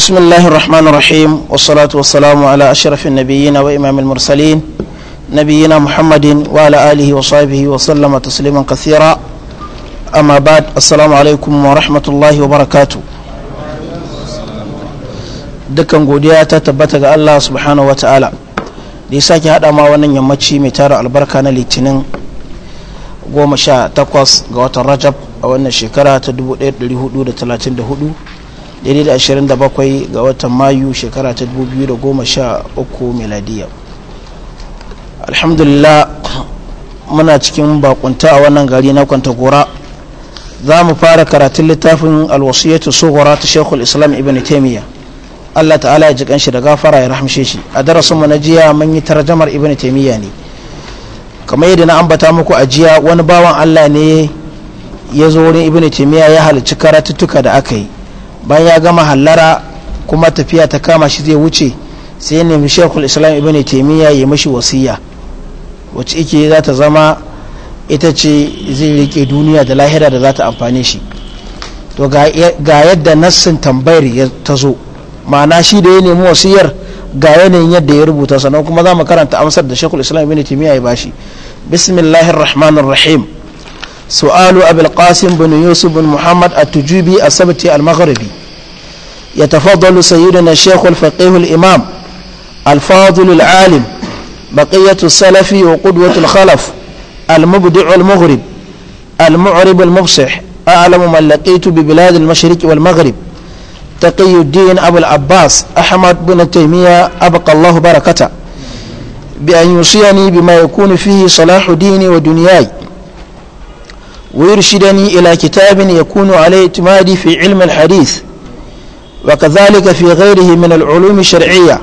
بسم الله الرحمن الرحيم والصلاة والسلام على أشرف النبيين وإمام المرسلين نبينا محمد وعلى آله وصحبه وسلم تسليما كثيرا أما بعد السلام عليكم ورحمة الله وبركاته dukkan godiya ta tabbata ga Allah subhanahu wata'ala da ya sake haɗa ma wannan yammaci mai tara albarka na litinin goma sha takwas ga watan rajab a wannan shekara ta 1434 daidai da 27 ga watan mayu shekara ta 2013 miladiya alhamdulillah muna cikin bakunta a wannan gari na gora. za mu fara karatun littafin alwasiyatu tsohora ta shekul islam ibn taimiyya allah ta'ala ya ji kanshi da gafara ya rahamshe shi a darasin mu na jiya mun yi tarjamar ibn taimiyya ne kamar yadda na ambata muku a jiya wani bawan allah ne ya zo wurin ibn taimiyya ya halarci karatuttuka da aka yi bayan ya gama hallara kuma tafiya ta kama shi zai wuce sai ya nemi shekul islam ibn taimiyya ya mashi wasiya wacce ike za ta zama ita ce zai rike duniya da lahira da za ta amfane shi to ga yadda nassin tambayar ta zo ma'ana shi da ya nemi wasiyar ga yanayin yadda ya rubuta sannan kuma za mu karanta amsar da shekul islam ibn taimiyya ya bashi bismillahir rahmanir سؤال أبي القاسم بن يوسف بن محمد التجيبي السبتي المغربي يتفضل سيدنا الشيخ الفقيه الإمام الفاضل العالم بقية السلف وقدوة الخلف المبدع المغرب المعرب المفصح أعلم من لقيت ببلاد المشرق والمغرب تقي الدين أبو العباس أحمد بن تيمية أبقى الله بركته بأن يوصيني بما يكون فيه صلاح ديني ودنياي ويرشدني إلى كتاب يكون عليه اعتمادي في علم الحديث وكذلك في غيره من العلوم الشرعية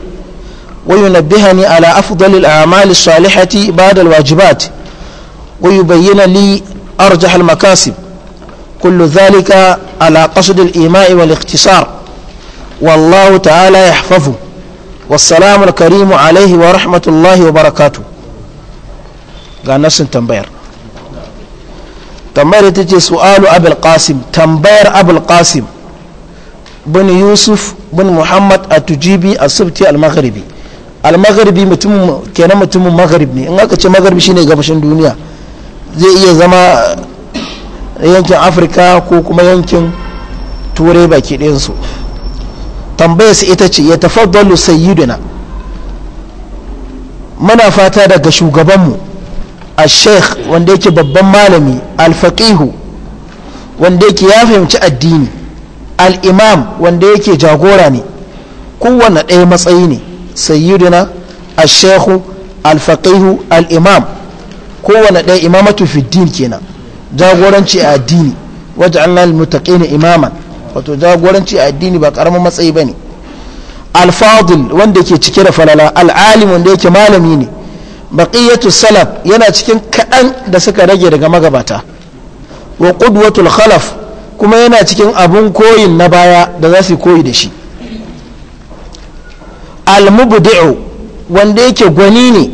وينبهني على أفضل الأعمال الصالحة بعد الواجبات ويبين لي أرجح المكاسب كل ذلك على قصد الإيماء والاختصار والله تعالى يحفظه والسلام الكريم عليه ورحمة الله وبركاته قال نفس تنبير tambayar ta ce su'alu abul qasim tambayar abul qasim bin yusuf bin muhammad a tujibi a subti al-maghribi al-maghribi kenan mutumin maghrib ne in aka ce shi shine gabashin duniya zai iya zama yankin afirka ko kuma yankin turai baki ɗayansu tambayar su ita ce ya tafaddalu sayyiduna muna fata daga shugabanmu a sheikh wanda yake babban malami alfaqihu wanda yake ya fahimci addini al'imam wanda yake jagora ne kowane ɗaya matsayi ne sayyiduna al-shekhu al al'imam al-imam kowane ɗaya imamatu fiddin kenan jagoranci a addini wajen allah al-mutaqina imaman wato jagoranci a addini ba karamin matsayi ba ne al wanda ke cike da falala al wanda yake malami ne baqiyatu salaf yana cikin kaɗan da suka rage daga magabata wa qudwatul khalaf kuma yana cikin abun koyin na baya da za su koyi da shi al-mubdi'u wanda yake gwani ne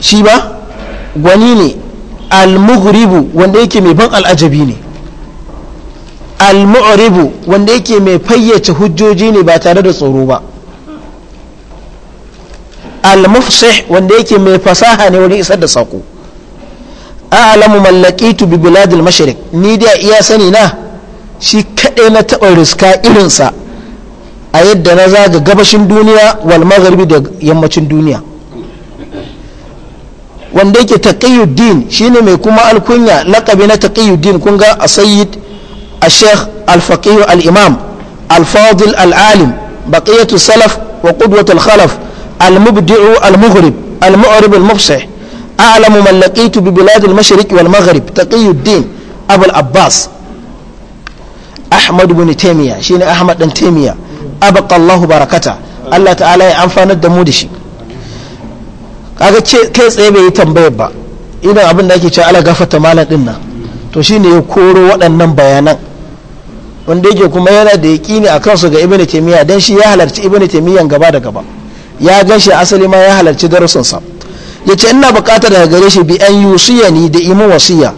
shi ba gwani ne al wanda yake mai ban al'ajabi ne al-mu'ribu wanda yake mai fayyace hujjoji ne ba tare da tsoro ba al-mufsih wanda yake mai fasaha ne wurin isar da sako a'lamu mallakitu bi biladil mashriq ni da iya sani na shi kadai na taba riska sa a yadda na zaga gabashin duniya wal magharibi da yammacin duniya wanda yake taqiyuddin shine mai kuma alkunya laqabi na taqiyuddin kun ga sayyid al-sheikh al-faqih al-imam al-fadil al-alim baqiyatu salaf wa qudwatu al-khalaf المبدع المغرب المعرب المفصح أعلم من لقيت ببلاد المشرق والمغرب تقي الدين أبو العباس أحمد بن تيمية شين أحمد بن تيمية أبقى الله بركته الله تعالى ينفعنا دمودشي kaga ce kai tsaye bai yi tambayar ba idan abin da ake cewa ala gafata malam din nan to shine ya koro waɗannan bayanan wanda yake kuma yana da yaƙini a kansu ga ibnu taymiya dan shi ya halarci ibnu taymiya gaba da gaba ya gan shi asali ma ya halarci darasinsa ya ce ina bukatar daga gare shi bi an yusiya ni da imin wasiya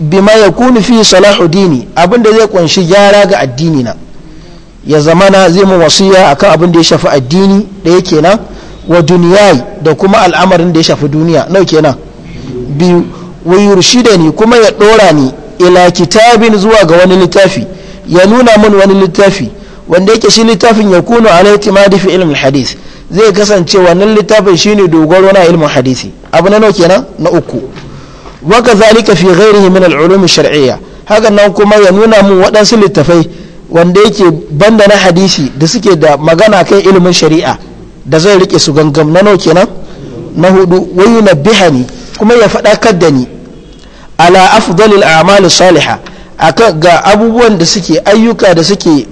bi ma ya kuni fi salahu dini abin zai kunshi gyara ga addini na ya na zai mu wasiya akan abin da ya shafi addini da yake nan wa duniyai da kuma al'amarin da ya shafi duniya nau kenan biyu wa da ni kuma ya dora ni ila kitabin zuwa ga wani littafi ya nuna mun wani littafi wanda yake shi littafin ya kuno ala da fi ilmin hadith zai kasance wannan littafin shine dogaro na ilmin hadisi abu na nawa kenan na uku waka zalika fi ghairihi min al-ulum shar'iyya hakan nan kuma ya nuna mu waɗansu littafai wanda yake banda na hadisi da suke da magana kan ilimin shari'a da zai rike su gangam na nawa kenan na hudu wayu nabihani kuma ya faɗakar da ni ala al a'mal salihah akan ga abubuwan da suke ayyuka da suke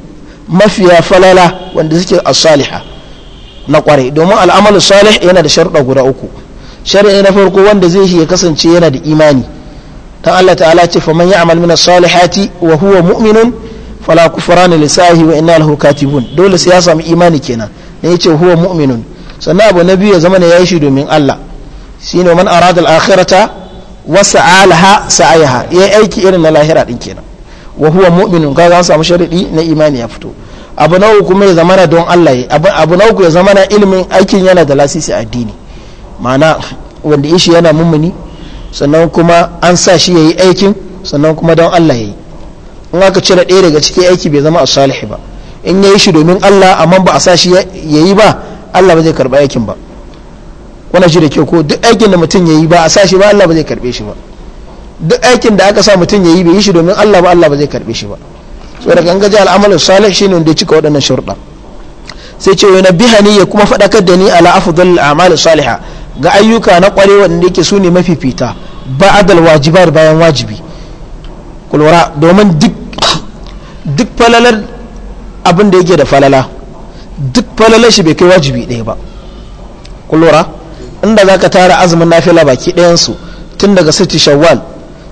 mafiya falala wanda suke as-salihah na kwarai domin al'amalu salih yana da sharuɗa guda uku shari'a na farko wanda zai shi ya kasance yana da imani dan Allah ta'ala ce fa man ya'mal min as-salihati wa huwa mu'minun fala kufrana li sahi wa inna lahu katibun dole sai ya samu imani kenan ne yace huwa mu'minun sannan abu na biyu ya zama ne yayi shi domin Allah shine man arada al-akhirata wa sa'alaha sa'ayaha yayi aiki irin na lahira din kenan wa huwa mu'minun kaga an samu sharadi na imani ya fito abu na uku ya zamana don Allah ya abu na uku ya zamana ilimin aikin yana da lasisi addini ma'ana wanda ishi yana mummuni sannan kuma an sa shi ya yi aikin sannan kuma don Allah yi in aka cire ɗaya daga cikin aiki bai zama as-salih ba in ya yi shi domin Allah amma ba a sa shi yi ba Allah ba zai karba aikin ba wannan shi da kyau ko duk aikin da mutum yi ba a sa shi ba Allah ba zai karɓe shi ba duk aikin da aka sa mutum ya yi bai yi shi domin Allah ba Allah ba zai karɓe shi ba saboda kan gaji al'amalin salih ne wanda ya cika waɗannan sharuɗa sai ce biha ni ya kuma faɗakar da ni ala afdal al'amal salihah ga ayyuka na ƙware wanda yake su ne ba adal wajibar bayan wajibi kulwara domin duk falalar abin da yake da falala duk falalar shi bai kai wajibi ɗaya ba kulwara inda za ka tara azumin nafila baki ɗayansu tun daga siti shawwal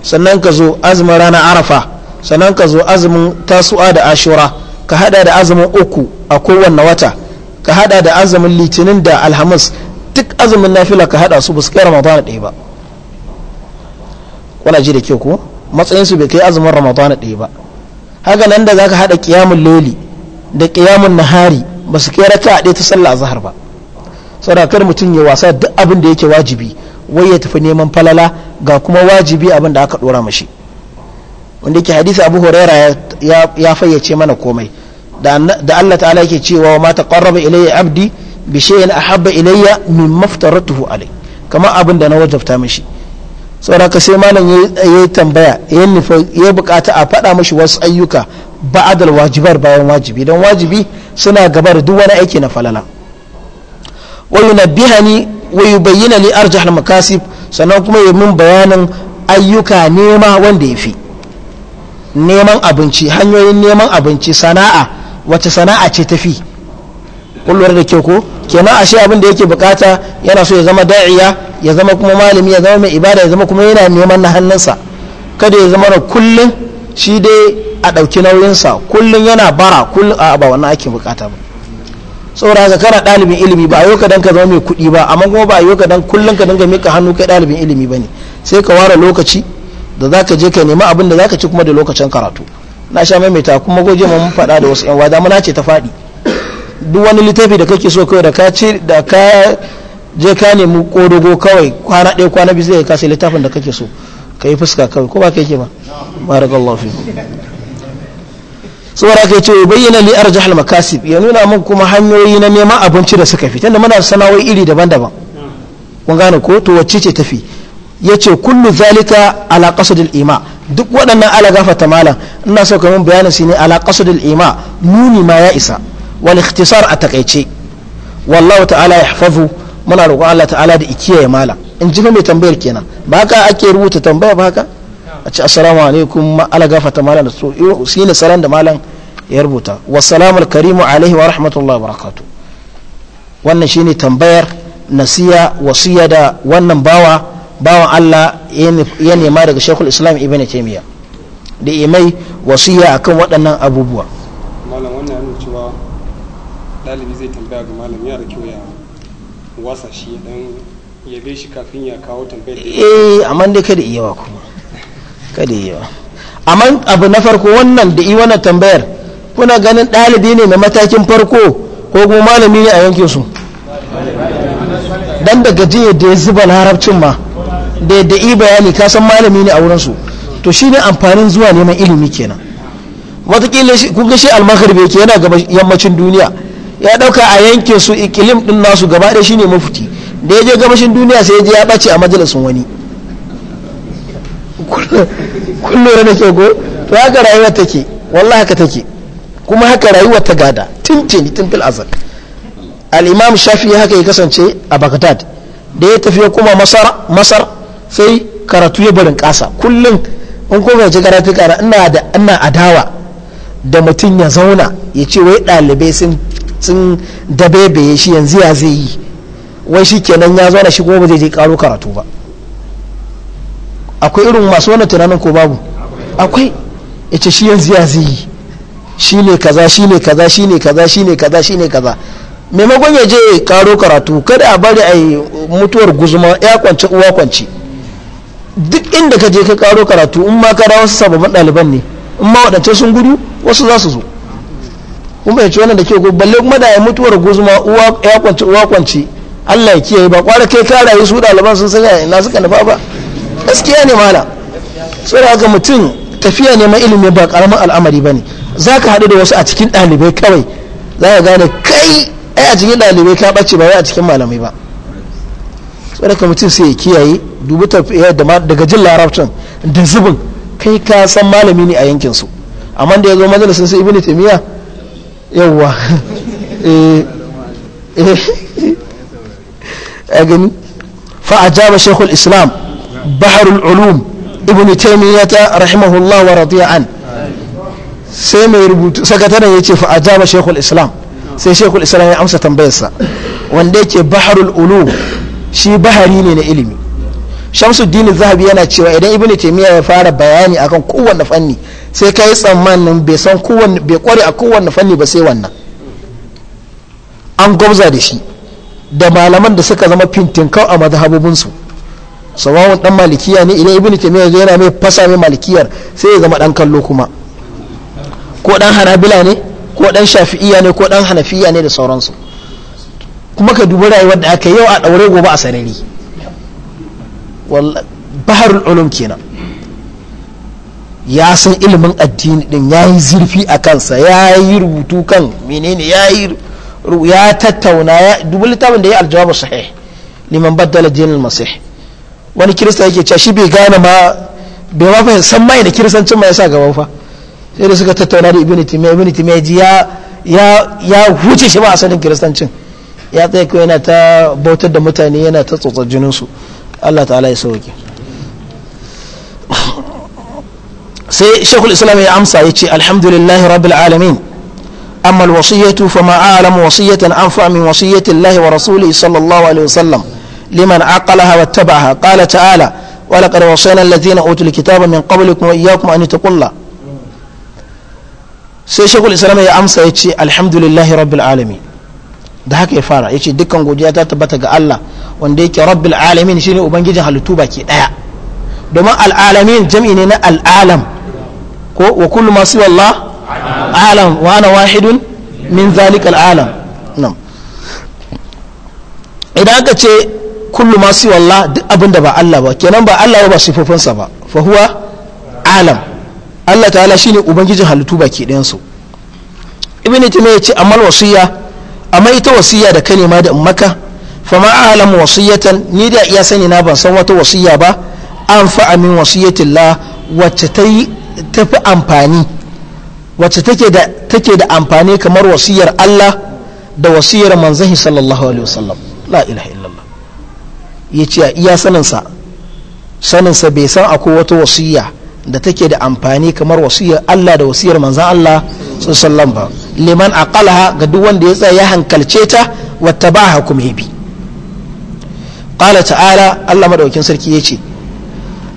sannan ka zo azumin ranar arafa sannan ka zo azumin tasu'a da ashura ka hada da azumin uku a kowane wata ka hada da azumin litinin da alhamis duk azumin nafila ka hada su ba su kai ramadana ɗaya ba kuna ji da ke ko matsayin su bai kai azumin ramadana ɗaya ba haka nan da ka hada kiyamun loli da kiyamun nahari ba su kai rata ɗaya ta sallah a zahar ba saboda kar mutum ya wasa duk abin da yake wajibi wai ya tafi neman falala ga kuma wajibi abin da aka dora mashi wanda yake hadisi abu huraira ya fayyace mana komai da Allah ta'ala yake cewa wa ma taqarraba ilayya abdi bi shay'in ahabba ilayya mimma aftaratuhu alai kamar abin da na wajabta mishi saboda ka sai malam ya tambaya ya bukata a faɗa mashi wasu ayyuka ba'adal wajibar bayan wajibi don wajibi suna gabar duk wani aiki na falala wa yunabbihani wa yubayyana li arjah al makasib sannan kuma ya min bayanin ayyuka nema wanda ya fi neman abinci hanyoyin neman abinci sana'a wace sana'a ce tafi kullum da ke ko kenan ashe abin da yake bukata yana so ya zama da'iya ya zama kuma malami ya zama mai ibada ya zama kuma yana neman na hannunsa kada ya zama da kullum shi dai a ɗauki nauyinsa kullum yana bara kullum a ba wannan ake bukata ba saboda haka kana ɗalibin ilimi ba a yau ka dan ka zama mai kuɗi ba amma kuma ba a yau ka dan kullum ka dinga mika hannu kai ɗalibin ilimi ba ne sai ka ware lokaci da za ka je ka nema abin da za ka ci kuma da lokacin karatu na sha maimaita kuma goje mun faɗa da wasu 'yan wada muna ce ta faɗi duk wani littafi da kake so kawai da ka ci da ka je ka nemi kodogo kawai kwana ɗaya kwana biyu zai kasa littafin da kake so ka yi fuska kawai ko ba ka yake ba barakallahu fi saboda ka ce bayyana li arjahal makasib ya nuna min kuma hanyoyi na neman abinci da suka fi tunda muna sana'o'i iri daban-daban kun gane ko to wacce ce tafi ya ce kullu zalika ala qasadil ima duk waɗannan ala gafata malam ina so kamar bayanin su ne ala qasadil ima nuni ma ya isa wani ikhtisar a takaice wallahu ta'ala yahfazu muna roƙon Allah ta'ala da ya malam in ji mai tambayar kenan ba ka ake rubuta tambaya ba haka a ce assalamu alaikum ala gafata malam da su shi ne da malam ya rubuta wassalamu alkarimu alaihi wa rahmatullahi wa barakatuh wannan shine tambayar nasiya wasiya da wannan bawa bawan Allah ya nema daga shekul islam ibn taimiyya da imai ya da kyau ya wasa shi dan yabe shi kafin ya tambayar eh, amma dai kada kuma kada amma abu na farko wannan da yi wannan tambayar kuna ganin ɗalibi ne na matakin farko ko kuma malami ne a yankin su dan daga jiya da ya zuba larabcin ma da yadda yi bayani kasan malami ne a wurinsu to shi ne amfanin zuwa neman ilimi kenan watakila kuka shi almagharibi ke yana gaba yammacin duniya ya ɗauka a yankin su ikilim ɗin nasu gaba ɗaya shine mafuti da ya je gabashin duniya sai ya je ya bace a majalisun wani kullum na ke go to haka rayuwar take wallahi haka take kuma haka rayuwar ta gada tintini azal al-imam shafi haka ya kasance a baghdad da ya tafi kuma masar masar sai karatu ya barin kasa kullum in ko bai karatu kara ina da ina adawa da mutum ya zauna ya ce wai ɗalibai sun sun dabebe shi yanzu ya zai yi wai shi kenan ya zauna shi kuma ba zai je karo karatu ba akwai irin masu wani tunanin ko babu akwai ya ce shi yanzu ya zai yi shi ne kaza shi ne kaza shi ne kaza shi ne kaza shi ne kaza maimakon ya je karo karatu kada a bari a yi mutuwar guzuma ya kwance uwa kwance inda ka je ka karo karatu in ma kara wasu sababbin ɗaliban ne in ma waɗance sun gudu wasu za su zo kun fahimci wannan da ke ko balle kuma da ya mutuwar guzuma ya kwanci uwa kwanci Allah ya kiyaye ba kwara kai ka rayu su ɗaliban sun sanya ina suka nufa ba gaskiya ne mala saboda haka mutum tafiya neman ilimi ba karamin al'amari ba ne za ka haɗu da wasu a cikin ɗalibai kawai za ka gane kai ai a cikin ɗalibai ka ɓace ba wai a cikin malamai ba ka mutum sai ya kiyaye dubi tafiya daga jin larabcin da zubin kai ka san malami ne a yankin su amma da ya zo majalisin sai ibnu taymiya yawwa eh, eh. a gani fa ajaba shaykhul islam baharul ulum ibn taymiya rahimahullah wa radiya an sai mai rubutu sakataren ya ce fa ajaba shaykhul islam sai shaykhul islam ya amsa tambayarsa wanda yake baharul ulum shi bahari ne na ilimi shamsuddin zahabi yana cewa idan ibn taymiya ya fara bayani akan kowanne fanni sai kai tsammanin bai san kowanne bai kware a kowanne fanni ba sai wannan an gwabza da shi da malaman da suka zama fintinkau a madhabobinsu sawawun dan malikiya ne idan ibn taymiya yana mai fasa mai malikiyar sai ya zama dan kallo kuma ko dan harabila ne ko dan shafi'iya ne ko dan hanafiya ne da sauransu kuma ka dubi rayuwar da aka yau a ɗaure gobe a sarari baharul ulum kenan ya san ilimin addini din ya yi zurfi a kansa ya yi rubutu kan menene ya yi ya tattauna ya dubi littafin da ya aljawabu sahih liman baddala dinil masih wani kirista yake cewa shi bai gane ma bai ma fahimta san mai da kiristancin ma ya sa fa sai da suka tattauna da ibn timiya ibn timiya ya ya huce shi ba a sanin kiristancin ya tsaye ko yana ta bautar da mutane yana ta tsotsar jininsu Allah ta'ala ya sauke sai shekul islam ya amsa ya ce alhamdulillah rabbil alamin amma alwasiyatu fa ma'alam wasiyatan anfa min wasiyati Allah wa rasuli sallallahu alaihi wasallam liman aqalaha wa tabaha qala ta'ala wa laqad wasayna alladhina utul kitaba min qablikum wa iyyakum an taqullah sai shekul islam ya amsa ya ce alhamdulillah rabbil alamin da haka ya fara ya ce dukkan godiya ta tabbata ga Allah wanda yake rabbil alamin shine ubangijin halittu baki daya domin al'alamin jam'i ne na al'alam ko wa kullu ma siwa Allah alam wa ana wahidun min zalika al'alam nam idan aka ce kullu ma siwa Allah duk abin da ba Allah ba kenan ba Allah ba sifofinsa ba fa huwa alam Allah ta'ala shine ubangijin halittu baki dayan su ibn taymiyyah ya ce amma wasiya amma ita wasiya da kai ma da in maka fa ma alam wasiyatan ni da iya sani na ban san wata wasiya ba an fa min wasiyatillah wacce ta tafi amfani wacce take da take da amfani kamar wasiyar Allah da wasiyar manzahi sallallahu alaihi wasallam la ilaha illallah yace a iya saninsa saninsa bai san akwai wata wasiya da take da amfani kamar wasiyar Allah da wasiyar manzan Allah sallallahu alaihi wasallam ba liman aqalaha ga duk wanda ya tsaya ya hankalce ta wata kuma ya bi qala ta'ala Allah maɗaukin sarki ya ce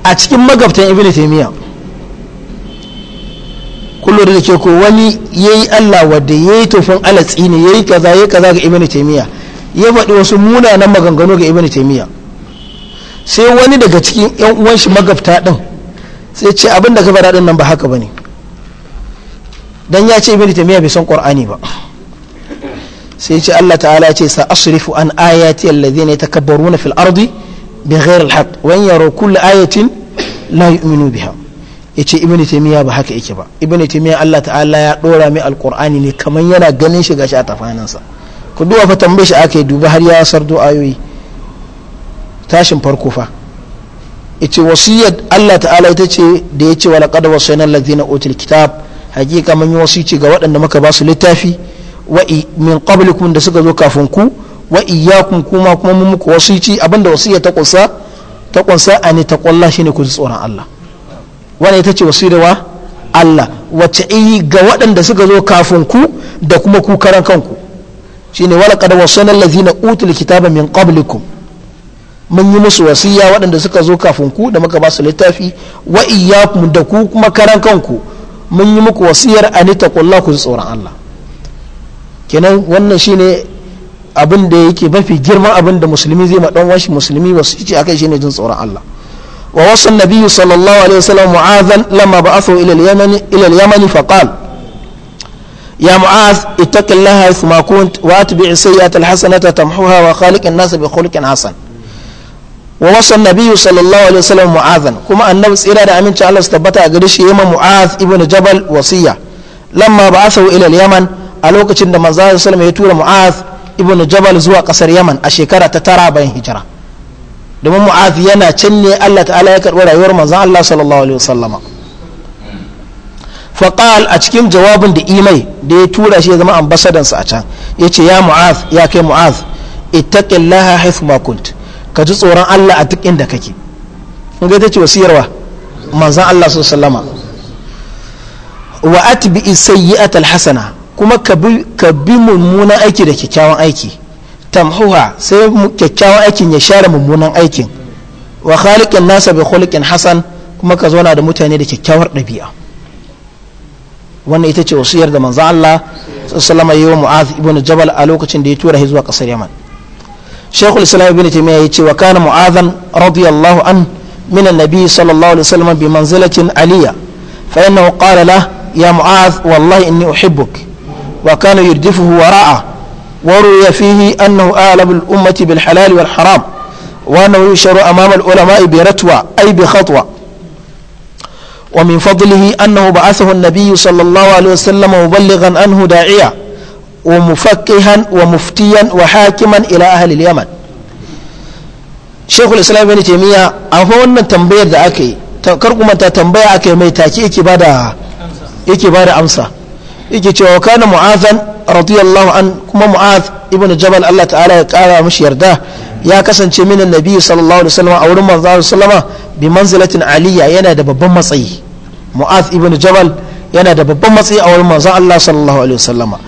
a cikin magabtan Ibn Taimiyya. kullu da ke ko wani ya yi Allah wanda yayi tofin alatsi ne yi kaza ya kaza ga Ibn Taimiyya ya faɗi wasu munanan maganganu ga Ibn Taimiyya sai wani daga cikin yan uwan shi magabta din sai ce abin da ka faɗa din nan ba haka bane dan ya ce ibnu taymiya bai san qur'ani ba sai ce Allah ta'ala ce sa asrifu an ayati alladhina yatakabbaruna fil ardi bighayri alhaq wa yaru kull ayatin la yu'minu biha yace ibnu taymiya ba haka yake ba ibnu taymiya Allah ta'ala ya dora mai alqur'ani ne kaman yana ganin shi gashi a tafanansa ku duba fa tambaye shi aka yi duba har ya sardo ayoyi tashin farko fa yace wasiyar Allah ta'ala ita ce da yace wala qad wasayna alladhina utul kitab hakika mun yi wasici ga waɗanda muka ba su littafi wa min qablikum da suka zo kafin ku wa iyyakum kuma kuma mun muku wasici abinda wasiya ta kunsa ta kunsa ani ta taqwallah shine ku tsoron Allah wani ita ce wa Allah wacce yi ga waɗanda suka zo kafin ku da kuma ku karan kanku shine wala qad wasana allazina utul kitaba min qablikum mun yi musu wasiya waɗanda suka zo kafin ku da muka ba su littafi wa iyyakum da ku kuma karan kanku mun yi muku wasiyar a ni taƙulla ku tsoron Allah kenan wannan shine abin da yake mafi girman abin da musulmi zai ma dan washi musulmi wasu ce akai shine jin tsoron Allah wa wasan nabiyyu sallallahu alaihi wasallam mu'azan lamma ba'athu ila al-yaman ila al-yaman fa qala ya mu'az ittaqillaha thumma kunt wa atbi' sayyi'at al-hasanata tamhuha wa khaliq nas bi khuluqin hasan wa wasan nabiyyu sallallahu alaihi wasallam mu'adhan kuma annabi tsira da aminci Allah su tabbata a gare shi yamma mu'adh ibnu jabal wasiya lamma ba'athahu ila al-yaman a lokacin da manzo sallallahu alaihi ya tura mu'az ibnu jabal zuwa kasar yaman a shekara ta tara bayan hijira domin mu'az yana can ne Allah ta'ala ya karɓi rayuwar manzo Allah sallallahu alaihi wasallama faqal a cikin jawabin da imai da ya tura shi ya zama ambasadansa a can yace ya mu'az ya kai mu'az ittaqillaha haythu ma kunt ka ji tsoron Allah a duk inda kake kun ga ta ce wasiyarwa manzan Allah su sallama wa atbi isai hasana kuma ka bi mummunan aiki da kyakkyawan aiki tamhuha sai kyakkyawan aikin ya share mummunan aikin wa khaliqin nasa bi khuluqin hasan kuma ka zauna da mutane da kyakkyawar ɗabi'a wannan ita ce wasiyar da manzan Allah sallallahu yi wa wa ibn Jabal a lokacin da ya tura zuwa ƙasar Yaman شيخ الإسلام ابن تيمية وكان معاذا رضي الله عنه من النبي صلى الله عليه وسلم بمنزلة علية فإنه قال له يا معاذ والله إني أحبك وكان يردفه وراءه وروي فيه أنه أعلم الأمة بالحلال والحرام وأنه يشر أمام العلماء برتوى أي بخطوة ومن فضله أنه بعثه النبي صلى الله عليه وسلم مبلغا أنه داعية ومفقها ومفتيا وحاكما إلى أهل اليمن شيخ الإسلام ابن wannan tambayar da تنبيه ذا أكي كركم أنت تنبيه أكي ميتاكي إكي بادا إكي بادا أمسا إكي تيو وكان معاذا رضي الله عنه كما معاذ ابن جبل الله تعالى قال مش يرده ya kasance min nabi sallallahu alaihi wasallam a wurin manzo sallallahu alaihi wasallam bi manzilatin aliyya yana da babban matsayi mu'az ibn jabal yana da babban matsayi a wurin manzo Allah sallallahu alaihi wasallama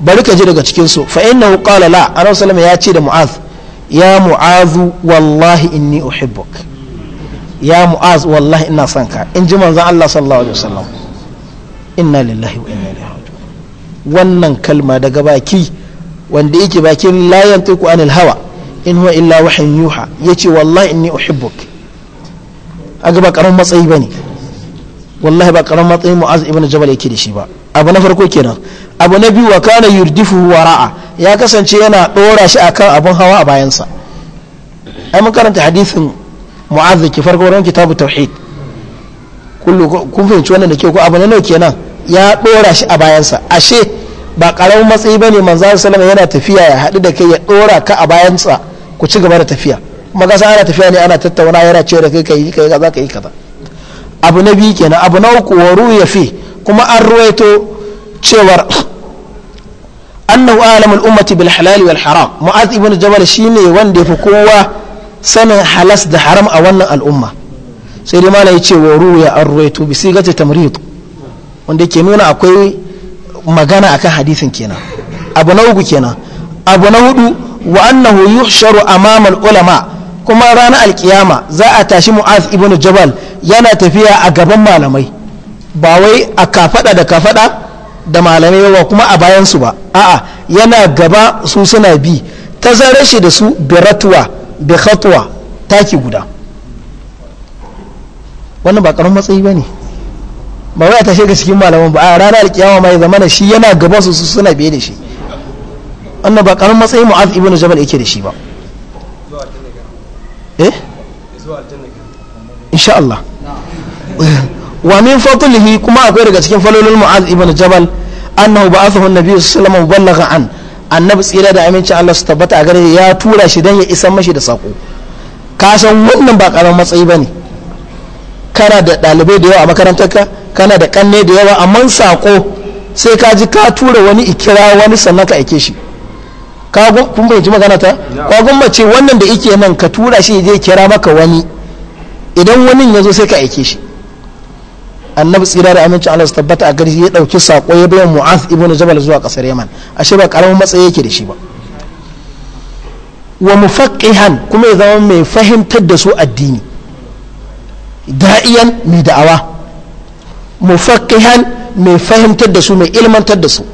bari ka ji daga cikin su fa innahu qala la anna sallama ya ce da mu'az ya mu'az wallahi inni uhibbuk ya mu'az wallahi ina son ka in ji manzon Allah sallallahu alaihi wasallam inna lillahi wa inna ilaihi wannan kalma daga baki wanda yake bakin la yantiku anil hawa in huwa illa wahyin yuha yace wallahi inni uhibbuk aga ba karamin matsayi bane wallahi ba karamin matsayi mu'az ibn jabal yake da shi ba abu na farko kenan abu na biyu wa kana yurdifu wara'a ya kasance yana dora shi akan abun hawa a bayansa ai mun karanta hadisin mu'adh ki farko ran kitabu tauhid kullu kun fahimci wannan da ke ko abu na nawa kenan ya dora shi a bayansa ashe ba karamin matsayi bane manzo sallama yana tafiya ya hadu da kai ya dora ka a bayansa ku ci gaba da tafiya maka sa ana tafiya ne ana tattauna yana cewa da kai kai kai kaza kai kaza abu na biyu kenan abu na uku wa ruya fi kuma an ruwaito cewar annahu alamul ummati bil halal wal haram mu'az ibn jabal shine wanda yafi kowa sanin halas da haram a wannan al'umma sai dai malai ce wa ruya an ruwaito bi sigati tamrid wanda ke nuna akwai magana akan hadisin kenan abu na uku kenan abu na hudu wa annahu yuhsharu amama ulama kuma ranar alkiyama za a tashi mu'az ibn jabal yana tafiya a gaban malamai ba wai a kafada da kafada da malamai ba kuma a bayansu ba a'a yana gaba su suna bi tazarar shi da su biratuwa bi khatwa taki guda wannan ba karamin matsayi ba ne ba wai a tashe ga cikin malaman ba a ranar alkiyama mai zama shi yana gaba su suna biye da shi wannan ba karamin matsayi mu'az ibn jabal yake da shi ba eh insha Allah wa min fadlihi kuma akwai daga cikin falolin mu'az ibn jabal annahu ba'athahu an-nabi sallallahu alaihi wasallam ballagha an annabi tsira da aminci Allah su tabbata a gare ya tura shi dan ya isan mashi da sako ka san wannan ba karamin matsayi bane kana da dalibai da yawa a makarantarka kana da kanne da yawa amma sako sai ka ji ka tura wani ikira wani sannan ka aike shi ka kun ji magana ta ka mace wannan da ike nan ka tura shi je kira maka wani idan wani ya zo sai ka aike shi annabi tsira da amincin Allah su tabbata a gari ya dauki sako ya bayan mu'az ibn jabal zuwa kasar yaman ashe ba karamin matsayi yake da shi ba wa mufaqihan kuma ya zama mai fahimtar da su addini da'iyan mai da'awa mufaqihan mai fahimtar da su mai ilmantar da su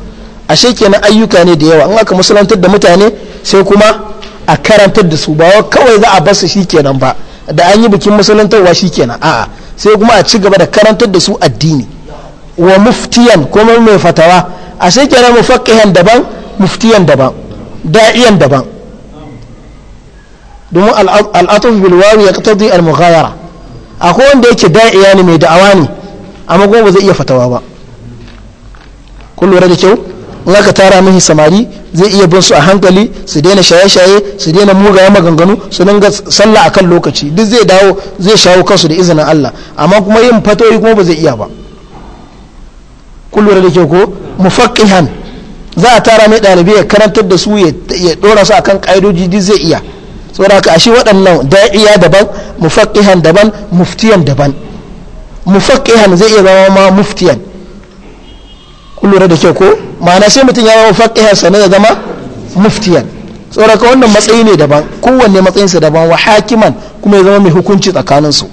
ashe kenan ayyuka ne da yawa in aka musulantar da mutane sai kuma a karantar da su ba kawai za a shi kenan ba da an yi bikin musulantarwa kenan a'a sai kuma a ci gaba da karantar da su addini wa muftiyan kuma mai fatawa a sai kenan fakkihan daban muftiyan daban da'iyan daban domin al'atuf bil ya yaqtadi al mughayara akwai wanda yake da'iya ne mai da'awa ne amma kuma ba zai iya fatawa ba kullum lura da kyau in aka tara mahi samari zai iya bin su a hankali su daina shaye-shaye su daina mugaye maganganu su dinga sallah akan lokaci duk zai dawo zai shawo kansu da izinin Allah amma kuma yin fatoyi kuma ba zai iya ba kullum da ke ko mufaqihan za a tara mai ɗalibai ya karantar da su ya ɗora su akan ƙa'idoji duk zai iya saboda haka ashe waɗannan da'iya daban mufaqihan daban muftiyan daban mufaqihan zai iya zama ma muftiyan kullura da kyau ko ma'ana sai mutum ya zama faƙihansa na ya zama muftiyan tsoraka wannan matsayi ne daban kowanne matsayinsa daban wa hakiman kuma ya zama mai hukunci tsakanin su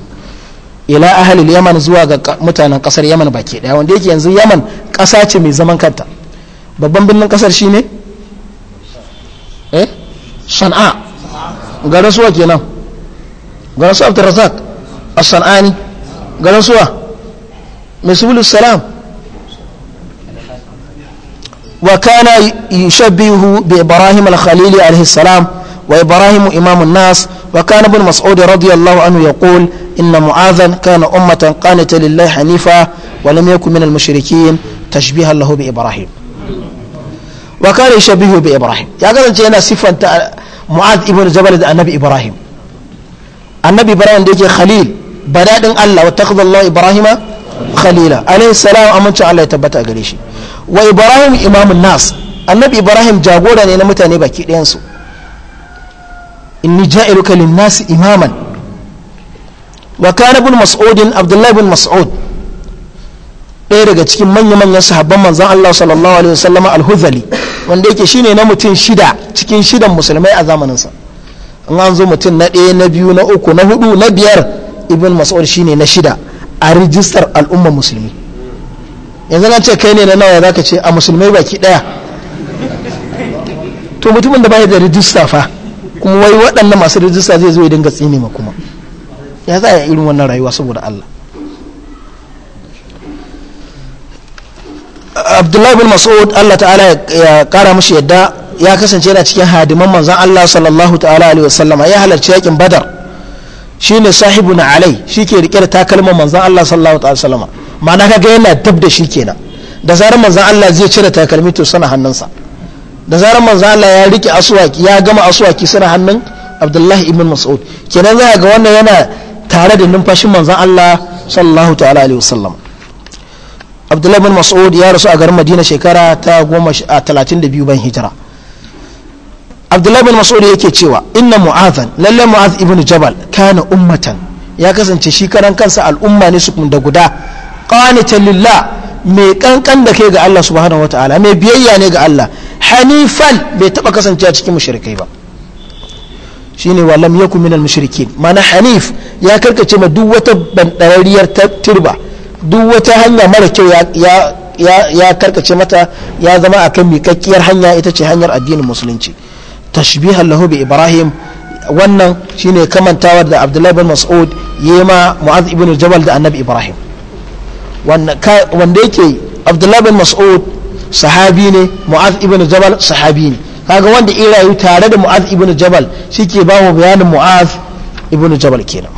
ila ahalil yaman zuwa ga mutanen kasar yaman baki daya wanda yake yanzu yaman kasa ce mai zaman kanta babban birnin kasar shi eh sana'a garin suwa kenan garin suwa abdurrazak as-sanani garin suwa mai subulus salam وكان يشبهه بإبراهيم الخليل عليه السلام وإبراهيم إمام الناس وكان ابن مسعود رضي الله عنه يقول إن معاذا كان أمة قانتة لله حنيفة ولم يكن من المشركين تشبيها له بإبراهيم وكان يشبهه بإبراهيم يا قال أنت هنا صفة معاذ ابن جبل النبي إبراهيم النبي إبراهيم ديجي خليل بنادن الله واتخذ الله إبراهيم khalila alayhi salam amincin Allah ya tabbata gare shi wa ibrahim imamun nas annabi ibrahim jagora ne na mutane baki ɗayan su. inni ja'iluka lin nasi imaman wa kana ibn mas'ud abdullahi ibn mas'ud ɗaya daga cikin manya-manyan sahabban manzan Allah sallallahu alaihi wasallam al-huzali wanda yake shine na mutum shida cikin shidan musulmai a zamanin sa. an zo mutum na ɗaya na biyu na uku na hudu na biyar ibn mas'ud shine na shida a rijistar al'umma musulmi yanzu na ce kai ne na nawa za ka ce a musulmai baki daya to mutumin da baya da rijista fa kuma wai waɗannan masu rijista zai zo ya dinga tsini ma kuma ya za a irin wannan rayuwa saboda Allah abdullahi bin mas'ud Allah ta'ala ya kara mushi yadda ya kasance yana cikin hadiman manzon Allah sallallahu ta'ala alaihi wasallama ya halarci yakin badar ne shi sahibu na alai shi ke rike da takalman manzan Allah sallallahu alaihi wasallama ma'ana ga yana dab da shi kenan da zarar manzan Allah zai cire takalmi to sana hannunsa da zarar manzan Allah ya rike aswaki ya gama aswaki sana hannun Abdullahi ibn Mas'ud kenan za ga wannan yana tare da numfashin manzan Allah sallallahu ta'ala alaihi wasallam Abdullahi ibn Mas'ud ya rasu a garin Madina shekara ta 32 ban hijira abdullahi bin mas'ud yake cewa inna mu'adhan lalle mu'adh ibn jabal kana ummatan ya kasance shi karan kansa al'umma ne su da guda qanitan lillah mai kankan da kai ga Allah subhanahu wataala mai biyayya ne ga Allah hanifan bai taba kasance a cikin mushrikai ba shine wa lam yakun al mushrikin mana hanif ya karkace ma duk wata bandarariyar turba duk wata hanya mara kyau ya karkace mata ya zama akan mikakkiyar hanya ita ce hanyar addinin musulunci tashbihan lahu bi ibrahim wannan shine kamantawar da abdullahi bin mas'ud yi ma mu'az ibn da annabi ibrahim wanda yake abdullahi bin mas'ud sahabi ne mu'az Ibnu jabal sahabi ne kaga wanda ya rayu tare da mu'az Ibnu jabal shike ba mu bayanin mu'az Ibnu jabal kenan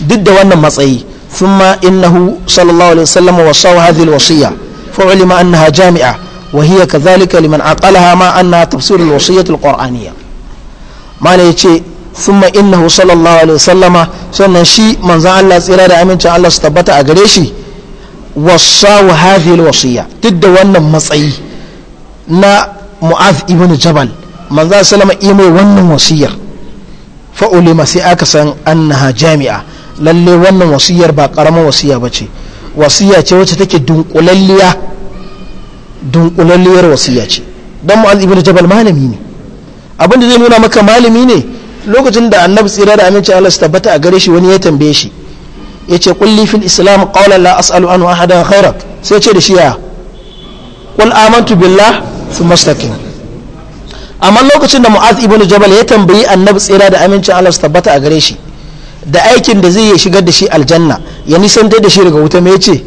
duk da wannan matsayi thumma innahu sallallahu alaihi wasallam wasa hadhihi alwasiya fa ulima annaha jami'a وهي كذلك لمن عقلها ما أنها تفسير الوصية القرآنية ما نيتي ثم إنه صلى الله عليه وسلم سنة شيء من زعل الله سيرا رأمين الله ستبت أغريشي وصاو هذه الوصية تد وانا مصعي نا معاذ ابن جبل من زعل سلم إيمي وانا وصية فأولم سيأكسا أنها جامعة lalle wannan wasiyar ba ƙaramin wasiya ba ce wasiya ce wacce take dunkulalliya dunkulalliyar wasiya ce don mu'az ibn jabal malami ne abin da zai nuna maka malami ne lokacin da annabi tsira da aminci Allah su tabbata a gare shi wani ya tambaye shi yace kulli fil islam qawlan la as'alu an ahadan khairak sai ce da shi ya qul amantu billah thumma istaqim amma lokacin da mu'az ibn jabal ya tambayi annabi tsira da amincin Allah su tabbata a gare shi da aikin da zai shigar da shi aljanna ya nisan da shi daga wuta mai ce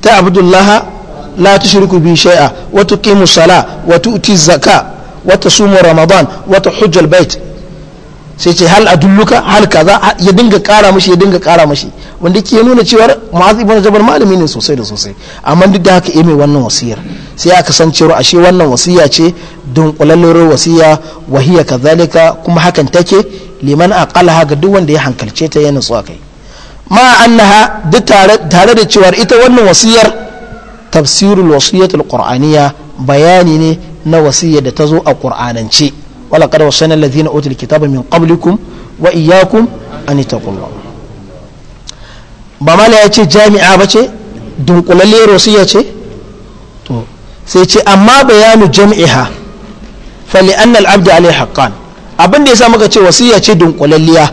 ta abdullah la tushriku bi shay'a wa tuqimu sala wa tu'ti zaka wa tasumu ramadan wa hujjal bait sai ce hal adulluka hal kaza ya dinga kara mashi ya dinga kara mashi wanda ke nuna cewar mu'az ibn jabal malami ne sosai da sosai amma duk da haka mai wannan wasiyar sai aka san cewa ashe wannan wasiya ce kullallar wasiya wahiya kazalika kuma hakan take liman aqalha ga duk wanda ya hankalce ta yana so kai ma annaha duk tare da cewa ita wannan wasiyar tafsirul wasiyatul qur'aniyya bayani ne na wasiyyar da ta zo a qur'anance wala qad wasana alladhina utul kitaba min qablikum wa iyyakum an taqullah ba yace jami'a bace dunkulalle wasiya ce to sai ce amma bayanu jam'iha fa li anna al-abd alayhi haqqan abin da yasa muka ce wasiya ce dunkulalliya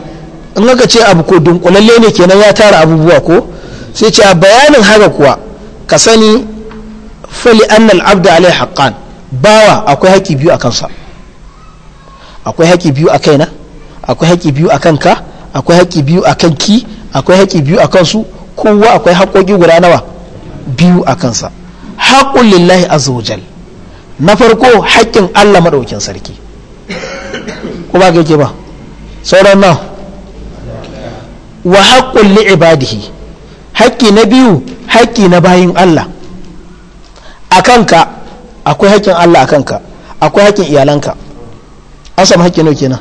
in aka ce abu ko dunkulalle ne kenan ya tara abubuwa ko sai ce a bayanin haka kuwa ka sani fali annal abda alai haqqan bawa akwai haƙi biyu a kansa akwai haƙi biyu a kaina akwai haƙi biyu a kanka akwai haƙi biyu a kanki akwai haƙi biyu a kansu kowa akwai haƙoƙi guda nawa biyu a kansa haƙun lillahi azawajal na farko haƙƙin Allah maɗaukin sarki ko ba ba sauran nan wa haƙƙun li'ibadihi haƙƙi na biyu haƙƙi na bayin Allah a kanka akwai haƙƙin Allah a kanka akwai haƙƙin iyalanka an samu haƙƙi nau kenan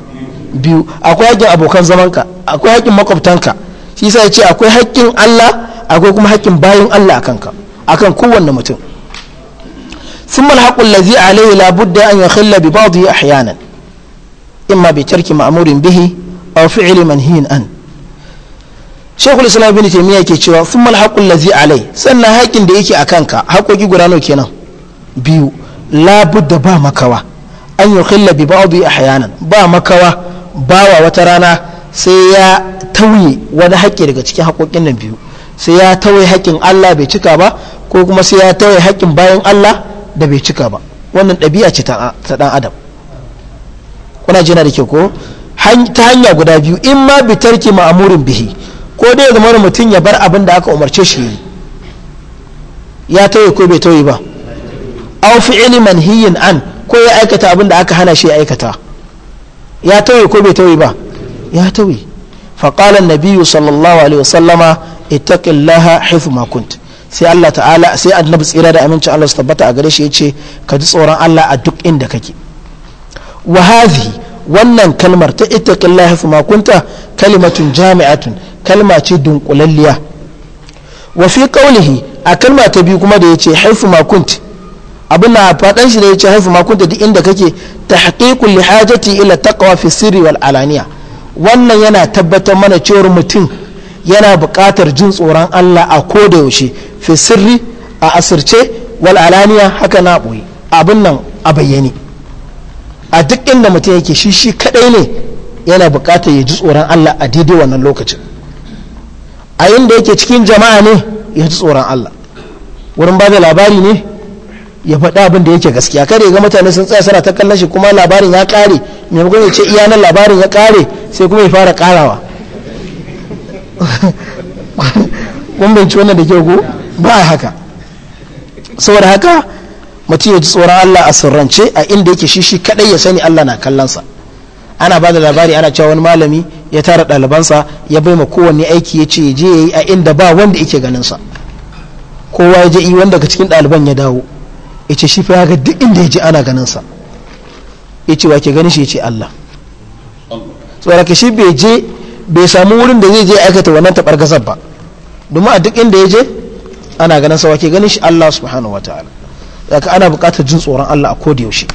biyu akwai haƙƙin abokan zamanka akwai haƙƙin makwabtanka shi sai ce akwai haƙƙin Allah akwai kuma haƙƙin bayin Allah a kanka akan kowanne mutum ثم الحق الذي عليه لابد أن يخل ببعضه أحيانا إما بترك مأمور به أو فعل منهي عنه shekul islam bin taimiyya ke cewa sun haƙun lazi alai sannan haƙin da yake a kanka haƙoƙi guda nawa kenan biyu da ba makawa an yi khilla bi a nan ba makawa bawa wata rana sai ya tauye wani haƙƙi daga cikin haƙoƙin nan biyu sai ya tauye haƙƙin Allah bai cika ba ko kuma sai ya tauye haƙƙin bayan Allah da bai cika ba wannan ɗabi'a ce ta ɗan adam kuna jina da ke ko ta hanya guda biyu in ma bi tarki ma'amurin bihi ko dai zama mutum ya bar abin da aka umarce shi yi ya tauye ko bai tauye ba aw fi'li manhiyin an ko ya aikata abin da aka hana shi ya aikata ya tauye ko bai tauye ba ya tauye fa qala an-nabiyyu sallallahu alaihi wasallama ittaqillaha hifz ma kunt sai Allah ta'ala sai annabi tsira da amincin Allah su tabbata a gare shi yace ka ji tsoron Allah a duk inda kake wa hadhi wannan kalmar ta ittaqillaha hifz ma kunta kalimatun jami'atun kalma ce dunkulalliya wa fi kaulihi a kalma ta biyu kuma da yace haifu makunt abin na fadan shi da yace haifu makunt duk inda kake tahqiqul li hajati ila taqwa fi sirri wal alaniya wannan yana tabbatar mana cewar mutum yana buƙatar jin tsoron Allah a koda yaushe fi sirri a asirce wal alaniya haka na boye abin nan a bayyane a duk inda mutum yake shi shi kadai ne yana buƙatar ya ji tsoron Allah a daidai wannan lokacin a yin yake cikin jama'a ne ya ji tsoron Allah wurin ba da labari ne ya faɗi abin da yake gaskiya kada ya ga mutane sun tsaya suna ta kallon shi kuma labarin ya ƙare maimakon ya ce iya nan labarin ya ƙare sai kuma ya fara ƙarawa kun bai wannan da ke ko ba haka saboda haka mutum ya ji tsoron Allah a sirrance a inda yake shi shi kadai ya sani Allah na kallonsa ana ba da labari ana cewa wani malami ya tara ɗalibansa ya bai ma kowanne aiki ya ce je ya yi a inda ba wanda yake ganinsa kowa ya je yi wanda daga cikin ɗaliban ya dawo ya ce shi ya ga duk inda ya je ana ganinsa ya ce wa ke ganin shi ya ce Allah ka shi bai je bai samu wurin da zai je aikata wannan taɓar gazar ba domin a duk inda ya je ana ganin sa wa ke ganin shi Allah subhanahu wa ta'ala ana buƙatar jin tsoron Allah a koda yaushe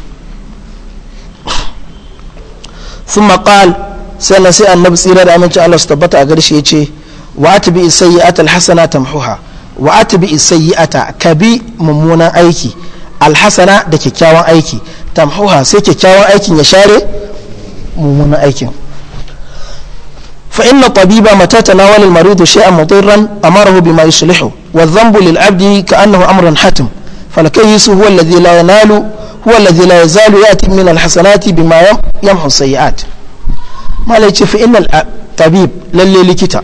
su maƙal sannan sai annabi tsira da aminci Allah su tabbata a garshe ya ce wa atbi sayyi'ata alhasana tamhuha wa atbi sayyi'ata ka bi mummunan aiki alhasana da kyakkyawan aiki tamhuha sai kyakkyawan aikin ya share mummunan aikin fa inna tabiba mata tanawala al-marid shay'an mutirran amarahu bima yuslihu wa dhanbu lil 'abdi ka'annahu amrun hatim فالكيس هو الذي لا ينال huwa allazi la yazalu yati min alhasanati bima yamhu sayiat malai ce fa innal tabib lalle likita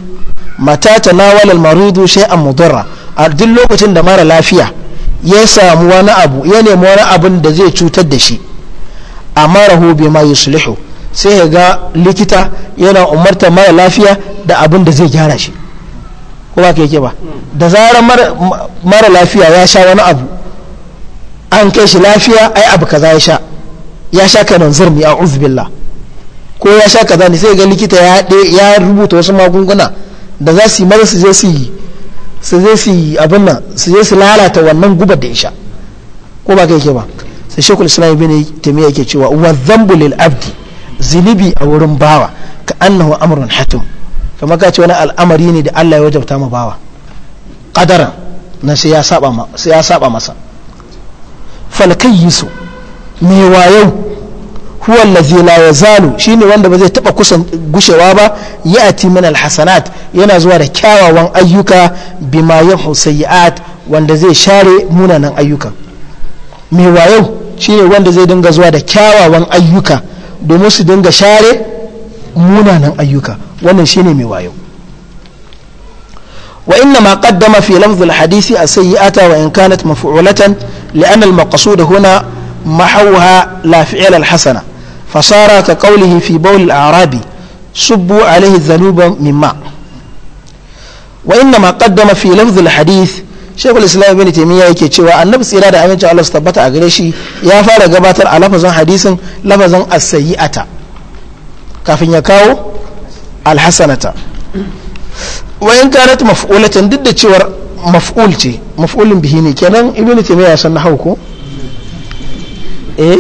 mata na almaridu shay'an mudarra a duk lokacin da mara lafiya ya samu wani abu ya nemi wani abin da zai cutar da shi a mara amarahu ma yuslihu sai ya ga likita yana umarta mara lafiya da abin da zai gyara shi ko ba ke ba da zarar mara lafiya ya sha wani abu an kai shi lafiya ai abu kaza ya sha ya sha nan a uzbilla ko ya sha kaza ne sai ga likita ya ya rubuta wasu magunguna da za su yi maza su je su yi su je su yi abin nan su je su lalata wannan guba da ya sha ko ba kai ke ba sai shekul islam ibn taymiya yake cewa wa dhanbu lil abdi zinibi a wurin bawa ka annahu amrun hatim kamar ka ce wani al'amari ne da Allah ya wajabta ma bawa qadara na sai ya saba masa falkayisu mai wayo huwa allazi la yazalu shine wanda ba zai taba kusan gushewa ba ya'ti min alhasanat yana zuwa da kyawawan ayyuka bima yahu sayiat wanda zai share munanan ayyuka mai wayo shine wanda zai dinga zuwa da kyawawan ayyuka domin su dinga share munanan ayyuka wannan shine mai wayo wa inna ma qaddama fi lafdh hadisi as-sayyi'ata wa in kanat maf'ulatan لأن المقصود هنا محوها لا فعل الحسنة فصار كقوله في بول الأعرابي سبوا عليه الذنوب من ماء وإنما قدم في لفظ الحديث shekul islam ibn taimiyya yake cewa annabi tsira da amincin allah su tabbata a gare shi ya fara gabatar a lafazin hadisin lafazin ata kafin ya kawo alhasanata wayan kanat maf'ulatan duk da cewar maf'ul ce maf'ulin bihi ne kenan ibnu taymiya ya san na hauko eh